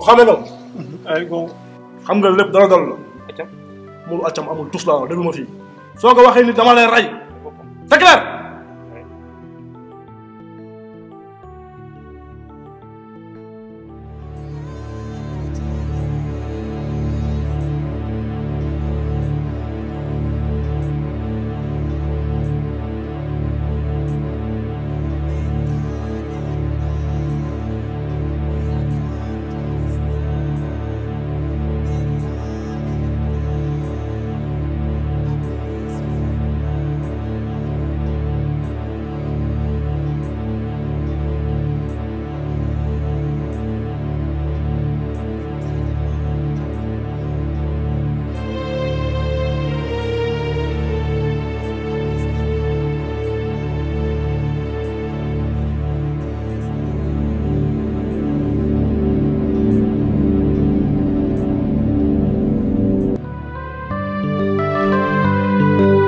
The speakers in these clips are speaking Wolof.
bu xamee noonu. Mm-hmm. ay go xam nga lépp dara dal la. acam mënu acam amul tus laa wax déglu ma fii. soo ko waxee ni dama lay rey. c'est clair.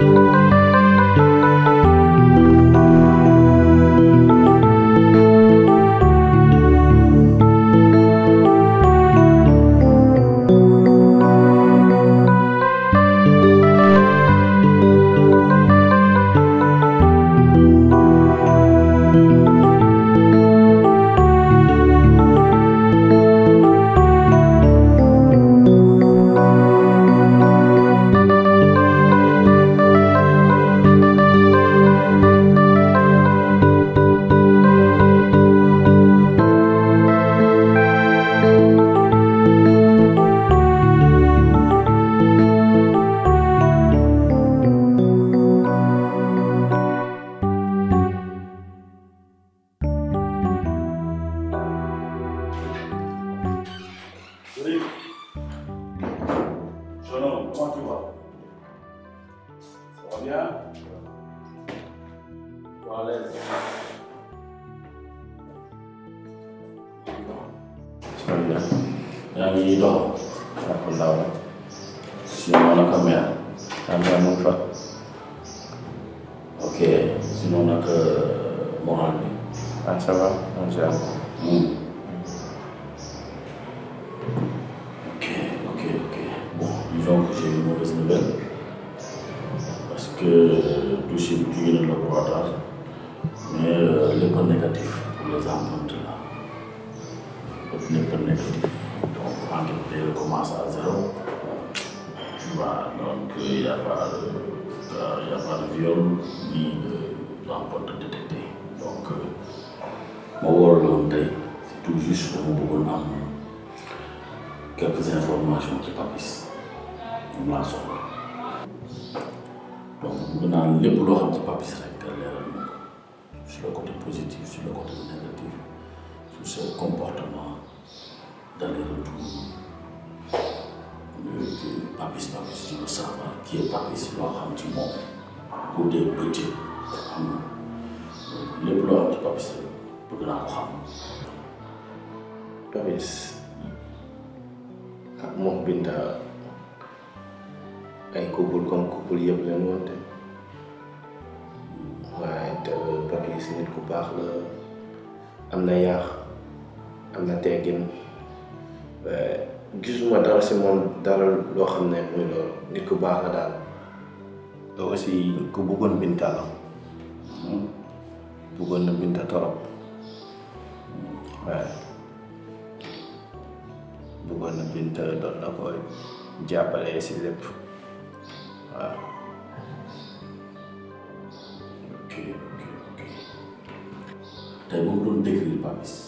thank you sinon naka meer amee ah. mu ngi fa ok sinon naka moral bi. ah ça va macha allah. ok ok ok bon disons que j'ai une mauvaise nouvelle parce que dossier bi jóge na laboratoire mais lépp a négatif pour les empreintes là lépp lépp a négatif donc enquête bi commence à zéro. Bah, donc il n'y a, pas, euh, il y euh, de viol de empreinte donc euh, ma wóor la woon tey c'est tout juste dama bëggoon am quelques informations Papis moom laa soxla donc bëgg naa lépp loo xam ci Papis rek nga leeral ma ko sur positif sur le côté négatif sur ses comportements dans papis papis ci lu saaba kii yëpp papis loo papis rek bëgg naa ko xam. papis ak moom Binta ay couple comme couple yëpp leen waaye te papis nit ku baax la am na yaax am na teggin. gisuma dara si moom dara loo xam ne muy loolu nit ku baax la daal. te aussi ku bëggoon Binta la bëggoon na Binta torop waaye bëggoon na Binta doon na ko jàppale si lépp waaw. tey bu mu doon déglu Papis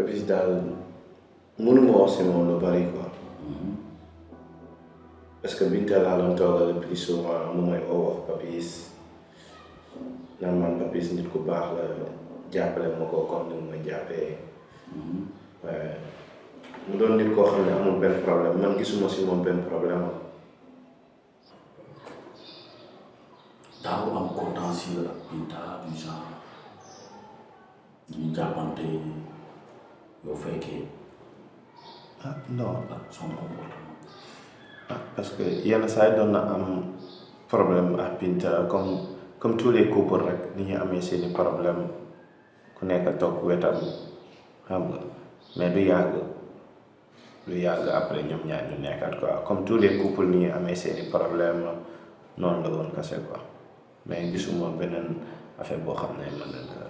Mhm. Papis daal mënuma wax lu bari quoi parce que Binta laa doon toogal le plus souvent mu may oo Papis naan man Papis nit ku baax la jàppale ma ko comme ni ma jàppee mu doon nit koo xam ne amul benn problème man gisuma si benn problème daaw am contentieux ak Binta du genre ñu jàppante yow fekkee. ah non ah, son ah parce que yenn saa yi doon na am problème ak Binta comme comme tous les couples rek ni ñu amee seeni problème ku nekk toog wetam xam nga mais du yàgg du yàgg après ñoom ñaar ñu nekkat quoi comme tous les couples ni ñu amee seeni problème noonu la woon kase quoi mais gisuma beneen affaire boo xam ne mën na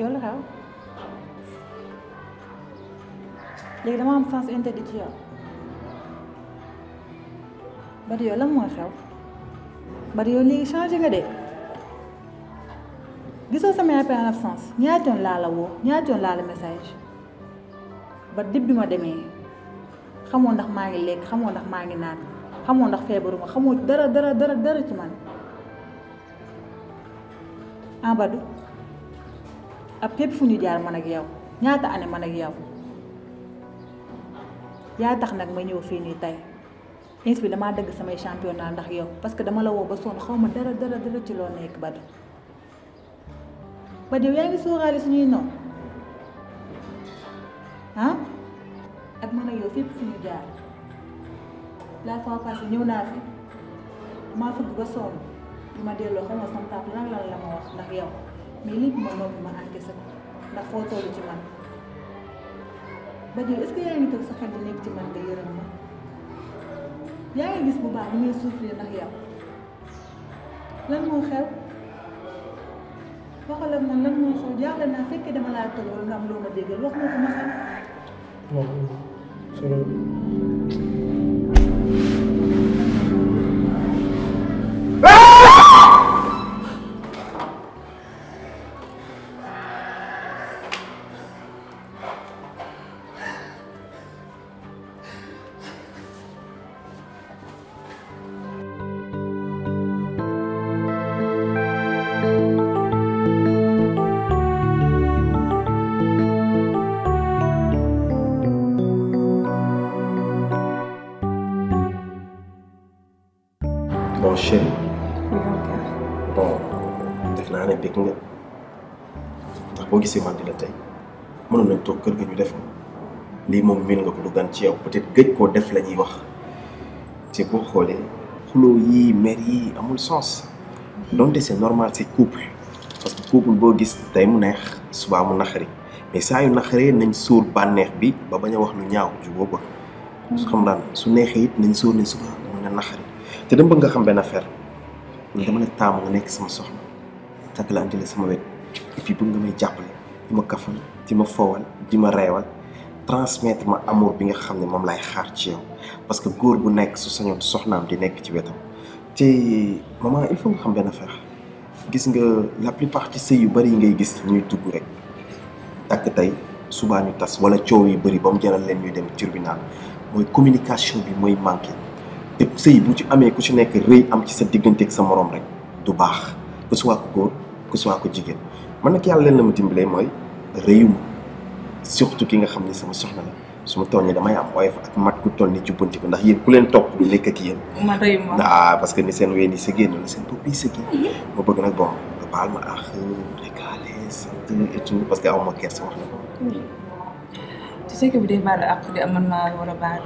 yow la xew léegi dama am sens interdit ci yow bari yow lan mooy xew bari yow léegi changé nga de gisoo sama absence ñaata laa la woo ñaata laa la message ba dib bi ma demee xamoo ndax maa ngi lekk xamoo ndax maa ngi naan xamoo ndax feebaruma xamoo dara dara dara dara ci man Amadou ah, ak fépp fu ñu jaar man ak yow ñaata année man ak yow yaa tax nag ma ñëw fii nii tey ins bi damaa dëgg samay championnat ndax yow parce que dama la woo ba sonn xaw ma dara dara dara ci loo nekk Bada Bada yow yaa ngi sóoraale suñuy noon ah ak man ñëw naa fi maa fëgg ba sonn ma delloo xaw ma sama papa lan la ma wax ndax yow mais lii bi ma noppi ma encaissé ko ndax foo toll ci man ba jël est-ce yaa ngi toog sa xel di nekk ci man nga yërëm ma yaa ngi gis bu baax ni muy souffrir ndax yow lan moo xew waxal ak man lan moo xew jaaxle naa fekkee dama laa toj nga am loo ma déggal wax nga ma xam. bon chéri bon def naa ne dégg nga ndax boo gisee man di la tey mënoon nañ toog kër gi ñu def lii moom miin nga ko du gan ci yow peut-être gëj koo def la ñuy wax te boo xoolee xuloo yii mer yii amul sens donte c'est normal c'est couple parce couple boo gis tey mu neex subaa mu naqari mais saa yu naqaree nañ suur bànneex bi ba bañ a wax lu ñaaw juboo ko su xam daan su neexee it nañ suur ne subaa mun na naqari te dama bëgg nga xam benn affaire dama la taamu nga nekk sama soxna takk la andi sama wet et puis bëgg nga may jàppale di ma kafal di ma fowal di ma reewal transmettre ma amour bi nga xam ne moom laay xaar ci yow parce que góor bu nekk su sañoon soxnaam di nekk ci wetam te maman il faut nga xam benn affaire gis nga la plupart ci sëy yu bari ngay gis ñuy dugg rek takk tey subaa ñu tas wala coow yu bari ba mu jaral leen ñuy dem tribunal mooy communication bi te sëy bu ci amee ku ci nekk rëy am ci sa diggante ak sa moroom rek du baax que soit ku góor que soit ku jigéen man nag yàlla leen la ma dimbalee mooy rëyuma surtout ki nga xam ni sama soxna la su ma tooñee damay am oyof mat ku toll ni jubbanti ko ndax yéen ku leen topp du nekk ak yéen. ma parce que ni seen ween yi sëggee noonu seen bopp yi sëggee. Mhm. ma bëgg nag bon nga baal ma àq nekk à l'aise parce que aw ma kersa mhm. war a baal.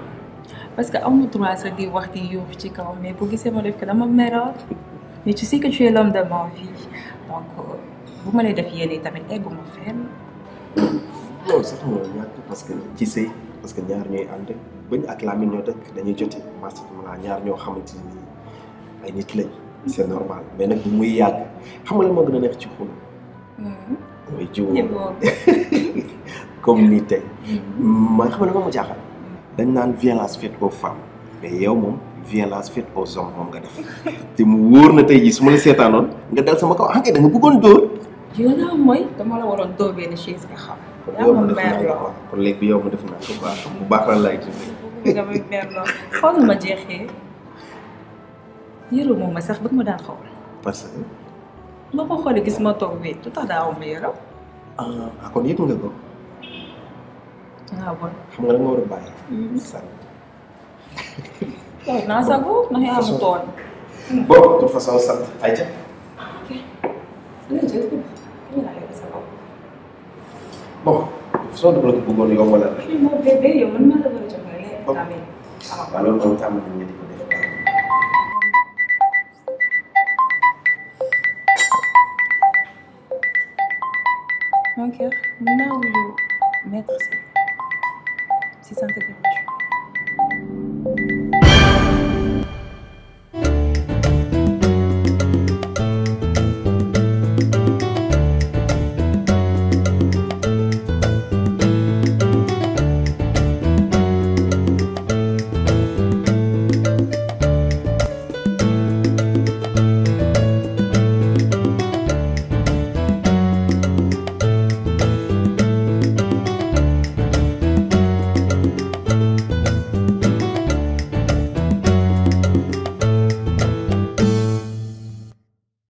parce que amu droit sax di wax di ci kaw mais bu gisee ma def ko dama meroon mais ci sais que tu es l'homme de ma vie donc euh, bu ma lay def yéene tamit eggu ma fenn. non sax nga ñàkk parce que ci sëy parce que ñaar ñooy ak Lamine ñoo dëkk dañuy ñaar ñoo xamante ni ay nit lañ. c'est normal mais nag bu muy yàgg xam nga moo gën a neex ci xul. Hmm. comme ni tey. Hmm. man xam nga ma jaaxal. dañ naan violence faite aux femmes mais yow moom violence faite aux hommes moom nga def te mu wóor na tey jii su ma la seetaanoon nga dal sama kaw xam ah, da nga buggoon dóor. yow mooy dama la waroon dóor benn chaise nga xam. yaa yow ma def naa baax bu baax la laay dundee. nga ma merloo xool ma jeexee yërëmoo ma sax bëgg ma daan xool. parce que. ma ko xoolee gis ma toog bi lu tax daa aw ma la ah, ah kon yëg nga ko. waaw bon xam nga da nga war a bàyyi. sant. naa sago ndax yaa am tool. bon de toute façon sant ayca. ok. bon soo dugg la ko bëggoon yombalal rek. kii moom bee bee yow man maa la war a jox rek. waaw loolu moom tàmbali ñu di ko def. mon cœur, là où le maître